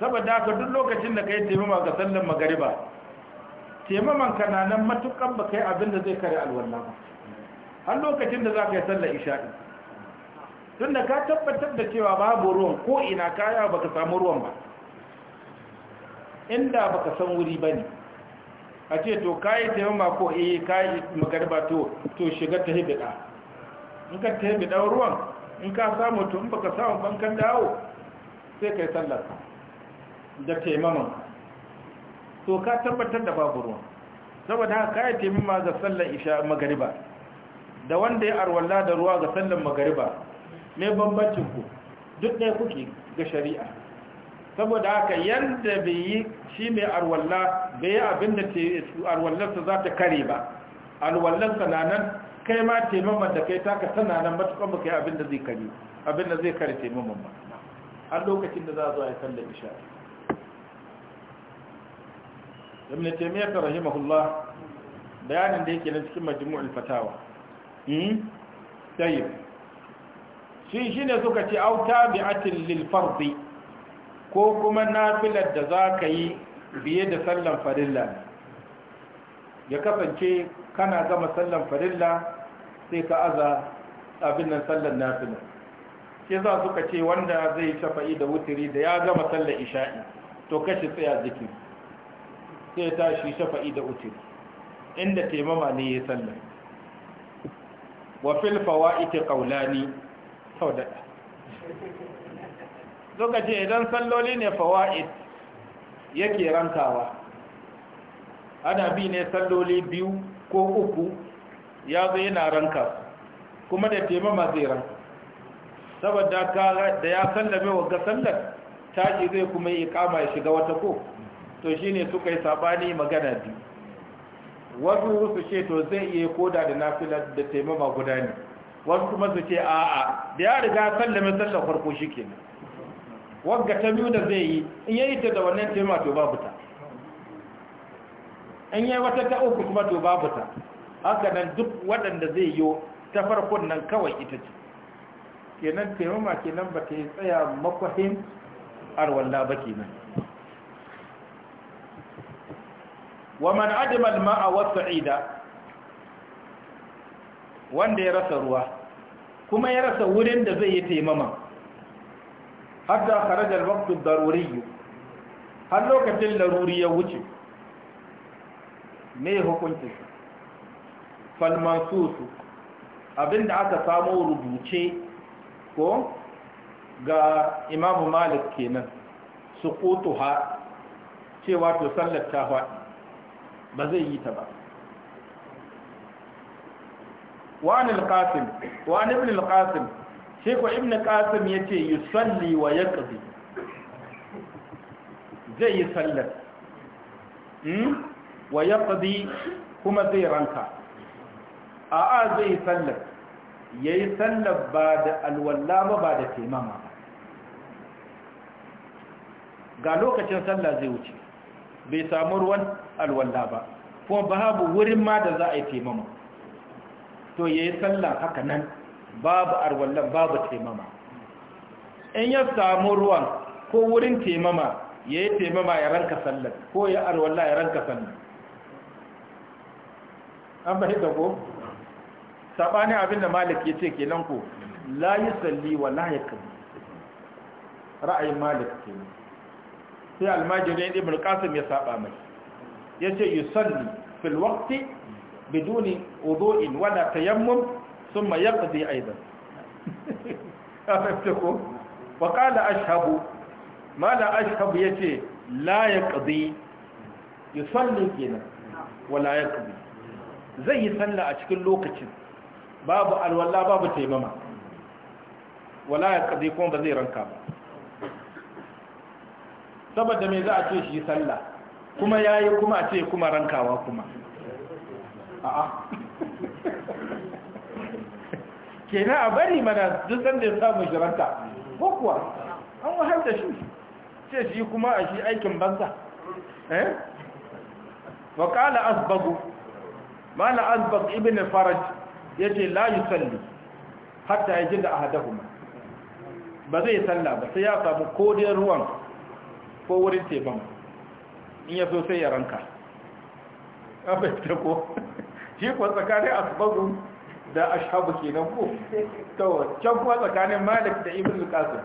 saboda haka duk lokacin da kai taimama ga sallan magariba taimaman ka na nan matukan ba kai abin da zai kare alwala ba har lokacin da za ka yi sallar isha'i tun da ka tabbatar da cewa babu ruwan ko ina kaya baka samu ruwan ba inda baka san wuri ba ne a ce to yi taimama ko iya eh yi magariba to shiga ta hibida in ka ta hibida ruwan in ka samu to in baka samu bankan dawo sai ka yi sallar da taimaman to ka tabbatar da babu ruwan saboda haka kayan taimama ga sallar isha magariba da wanda ya arwalla da ruwa ga sallar magariba mai bambancin ku duk ɗaya kuke ga shari'a saboda haka yadda bai yi shi mai arwalla bai yi abin da arwallarsa za ta kare ba arwallarsa na nan kai ma taimaman da kai taka tana nan matuƙan ba kai abin da zai kare taimama taimaman ba har lokacin da za a zo a yi sallar isha ibn taymiyyah rahimahullah bayanin da yake na cikin majmu'ul fatawa hmm tayyib shi shine suka ce au tabi'atin lil fardh ko kuma nafilar da zaka yi biye da sallan farilla ya kasance kana gama sallan farilla sai ka aza abin nan sallan nafila ke za suka ce wanda zai shafa'i da wutiri da ya gama sallan isha'i to kashi tsaya jiki. sai tashi shafa'i da uku inda taimama ne ya sallar wa fil ita ƙaunani sau da suka ce idan salloli ne fawa'id yake rankawa ana bi ne salloli biyu ko uku ya zo yana ranka kuma da taimama zai ranka saboda da ya sallame wa ga sallar tashi zai kuma yi kama ya shiga wata ko to shi ne suka yi sabani magana biyu wasu su ce to zai iya koda da nafilar da taimama guda ne wasu kuma su ce a'a da ya riga sallame sallar farko shi ke wadda ta biyu da zai yi in yi ta da wannan taimama to babu ta in yi wata ta uku kuma to babu ta haka nan duk waɗanda zai yi ta farkon nan kawai ita ce kenan taimama kenan ba ta yi tsaya makwahin arwalla ba kenan wa man adima al-ma'a saida wanda ya rasa ruwa kuma ya rasa wurin da zai yi taimama hatta kharaja al-waqtu ad-daruri har lokacin laruri ya wuce me hukuncin fal mansusu abinda aka samu rubuce ko ga imamu malik kenan suqutuha cewa to sallar ta ba zai yi ta ba wani alƙasim wani ibn alƙasim shi ko ibn alƙasim ya ce yi salli wa ya ƙazi zai yi sallar hmm? wa ya ƙazi kuma zai ranka a'a zai yi sallar ya yi sallar ba da alwalla ba ba da taimama ga lokacin sallah zai wuce bai samu ruwan alwalla ba kuma babu wurin ma da za a yi taimama to ya yi sallah haka nan babu alwallan babu taimama in ya samu ruwan ko wurin taimama ya yi taimama ya ranka sallar ko ya alwala ya ranka sallar an da ko saɓani abin da malik ya ce kenan ko la yi salli wa la ya kan ra'ayin malik ke. sai almajirin ibn qasim ya saba mai Ya yace yusalli fil waqti biduni wudu'in wala tayammum thumma yaqdi aidan afaftuko wa qala ashhabu ma la ya yace la yaqdi yusalli kenan wala yaqdi zai yi sallah a cikin lokacin babu alwala babu taimama wala yaqdi kuma ba zai ranka ba saboda me za a ce shi sallah kuma ya yi kuma a ce kuma rankawa kuma a'a na a bari mana duk sanda ya samu jiranta ko kuwa an wahal da shi ce shi kuma a shi aikin banza eh wa qala asbagu mala asbag ibn faraj ce la salli hatta yajida ahaduhuma ba zai salla ba sai ya samu kodin ruwan ko wurin teban in ya so sai ya ranka abin ta ko shi kuwa tsakanin asbabu da ashabu ke nan ko to can kuwa tsakanin malik da ibn lukasun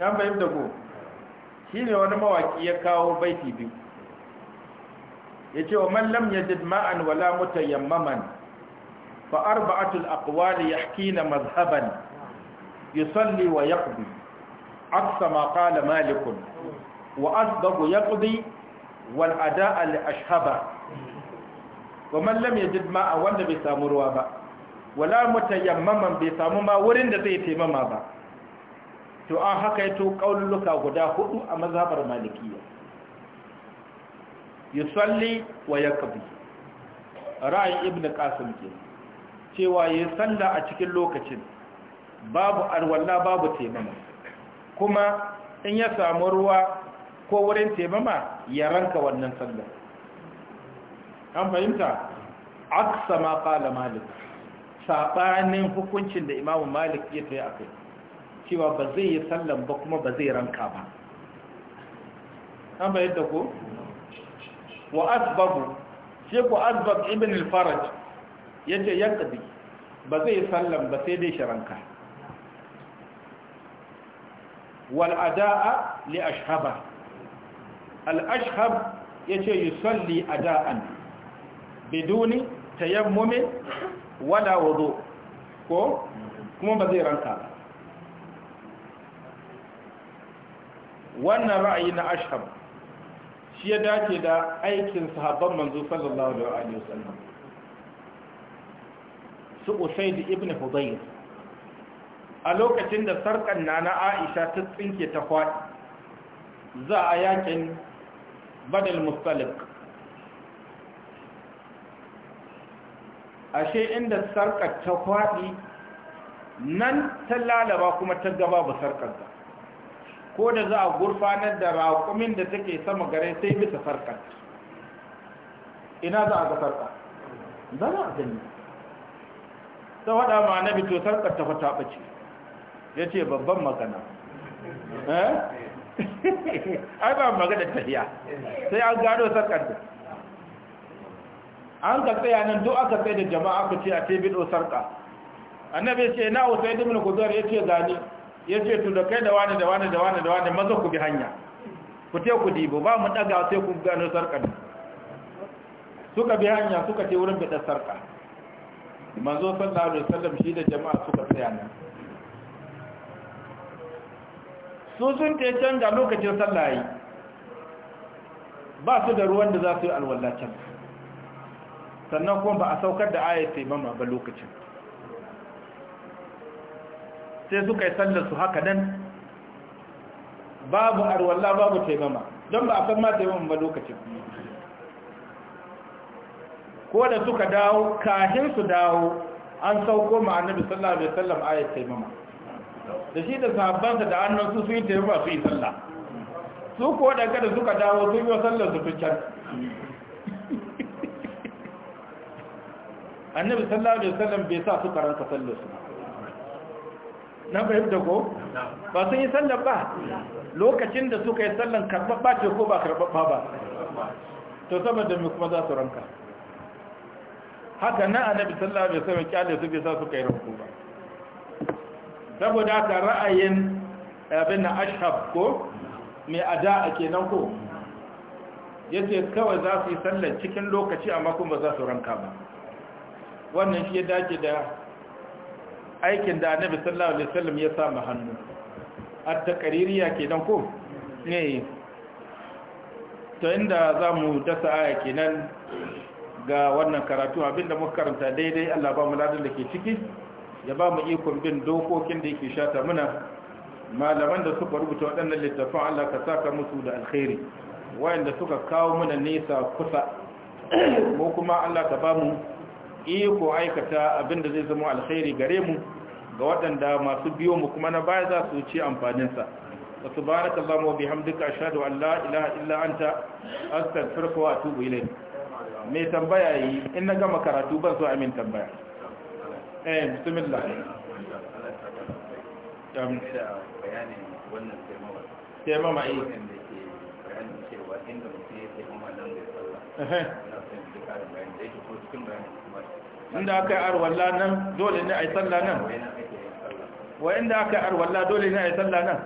yan bayan da ko shi ne wani mawaki ya kawo baiti biyu ya ce wa mallam ya jid ma'an wala mutayammaman fa arba'atul aqwali yahkina mazhaban yusalli wa yaqdi aqsa ma qala malik wa asbabu yaqdi Wal'ada ada'a li ashhaba wa man lam yajid ma'a wanda bai samu ruwa ba wala mutayammaman bai samu ma wurin da zai taimama ba to an haka yato kaululuka guda hudu a mazhabar malikiya yusalli wa yaqbi ra'ayi ibn qasim ke cewa ya salla a cikin lokacin babu arwalla babu taimama kuma in ya samu ruwa ko wurin taimama ya ranka wannan sallar an fahimta aksa ma kala malik saɓanin hukuncin da imamu malik ya ta yi a kai cewa ba zai yi sallar ba kuma ba zai ranka ba an fahimta ko wa asbabu shi ku asbab ibn al-faraj ya ce yankabi ba zai yi sallar ba sai dai shi ranka wal'ada'a li ashaba al-ashhab yace yusalli ada'an biduni tayammumin wala wudu ko kuma ba zai ranka ba wannan ra'ayi na ashab shi ya dace da aikin sahabban manzo sallallahu alaihi wasallam su usaid ibn hudayr a lokacin da sarkan na aisha ta tsinke ta kwaɗi za a yakin badal mustalik ashe inda sarkar ta kwaɗi nan ta lalaba kuma ta gaba ba sarkar ta ko da za a gurfanar da raƙumin da take sama gare sai bisa sarkar ina za a ga sarkar zama a gani ta waɗa ma na bito sarkar ta fata ɓace ya ce babban magana eh ai ba magana tafiya sai an gano sarkar da an ka tsaya nan duk aka tsaye da jama'a ku ce a ce bido sarka annabi ce na usai dimin kuzuwar ya ce gani ya ce tu da kai da wani da wani da wani da wani maza ku bi hanya ku te ku dibo ba mu daga sai ku gano sarkar suka bi hanya suka ce wurin bidan sarka manzo sallallahu alaihi wasallam shi da jama'a suka tsaya nan su sun te ga lokacin sallah yi ba su da ruwan da za su yi alwallacin sannan kuma ba a saukar da ayat taimama ba lokacin sai suka yi sallar su haka nan babu alwala babu taimama don ba a san ma taimama ba lokacin ko da suka dawo kahin su dawo an sauko ma annabi sallallahu alaihi wasallam ayat taimama da shi da sahabbansa da annansu sun yi taimaka su yi sallah su ko da kada suka dawo sun yi sallar su tuccen annabi sallallahu alaihi wasallam bai sa su karanta sallar su na fahimta ko ba sun yi sallar ba lokacin da suka yi sallar karɓaɓɓa ce ko ba karɓaɓɓa ba to sama da mai kuma za su ranka haka na annabi sallallahu alaihi wasallam kyale su bai sa su kai ranku ba saboda ka ra'ayin abin na ashab ko mai ada a kenan ko ya ce kawai za su yi sallar cikin lokaci amma kuma za su ranka ba wannan shi ya dace da aikin da annabi sallallahu alaihi wasallam ya sa A hannu at-taqririya kenan ko ne to inda za mu dasa aya kenan ga wannan karatu abinda muka karanta daidai Allah ba mu ladan da ke ciki ya ba mu ikon bin dokokin da yake shata muna malaman da suka rubuta waɗannan littafin Allah ka saka musu da alkhairi wayanda suka kawo muna nesa kusa ko kuma Allah ka ba mu iko aikata abin da zai zama alkhairi gare mu ga waɗanda masu biyo mu kuma na baya za su ci amfaninsa sa subhanakallahu shada wa bihamdika ashhadu an la ilaha illa anta astaghfiruka wa atubu ilayk me tambaya yi in na gama karatu ban so amin tambaya ايه بسم الله كم ساعه بيان ولا في ماما نعم. إيه؟ في ماما ايه عند في وان في ماما لم وعند أكا أرولا دولنا يصلى لنا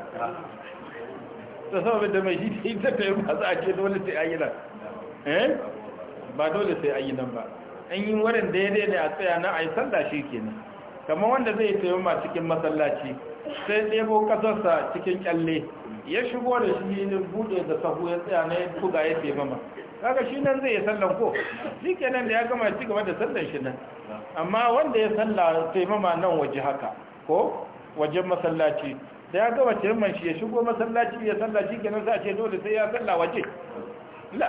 تصوى بده مجيدي تتعب هذا أكيد ولا سيأينا ها؟ ما دولة سيأينا بقى an yi wurin daidai da a tsaya na a yi sallah shi kenan kamar wanda zai tsaye ma cikin masallaci sai ɗebo ƙasarsa cikin kyalle ya shigo da shi ne buɗe da sahu ya tsaya na ya ya tayo mama kaga shi nan zai yi sallan ko shi nan da ya gama ci gaba da sallan shi nan amma wanda ya salla tayo mama nan waje haka ko wajen masallaci da ya gama tayo shi ya shigo masallaci ya salla shi kenan sai a ce dole sai ya salla waje la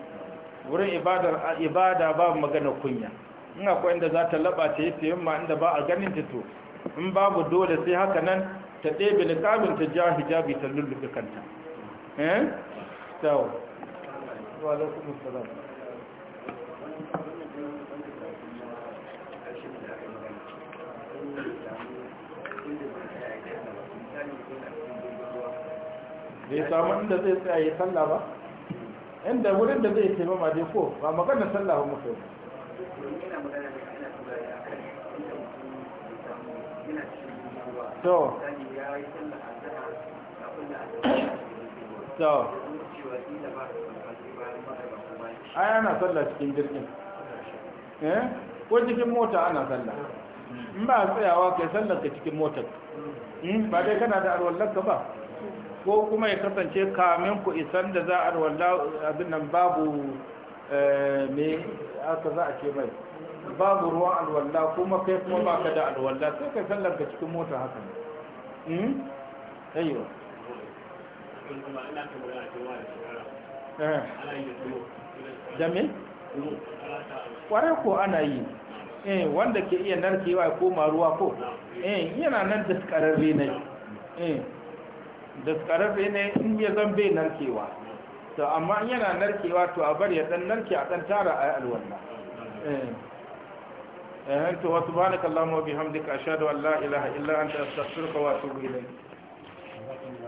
wurin ibada babu magana kunya ina akwai inda za ta laba ta yi ma inda ba a ganin ta to in babu dole sai haka nan ta ɗebe niqabin ta ja hijabi ta lulluɓe kanta eh to wa alaikum assalam bai samu inda zai tsaye sallah ba inda wurin da zai taimama dai ko ba maganar sallah ba muka yi to to ai ana sallah cikin jirgin eh ko cikin mota ana sallah in ba tsayawa kai sallar ka cikin motar hmm? ba dai kana da arwallar ka ba ko kuma ya kasance kamin ku isan da za a walla abin nan babu eh, me aka za a ce mai babu ruwa alwallah kuma kai kuma ka da alwallah sai ka sallar ka cikin mota haka ne hmm? ayyuwa eh. da me? kwarai ko ana yi eh wanda ke iya narkewa ko ma ruwa ko eh yana nan daskararre na eh ƙararre ne in ya zan bai narkewa to amma in yana narkewa to a bari ya dan narke a dan tara a alwala eh, eh to wa subhanakallahumma wa bihamdika ashhadu an la ilaha illa anta astaghfiruka wa atubu ilayk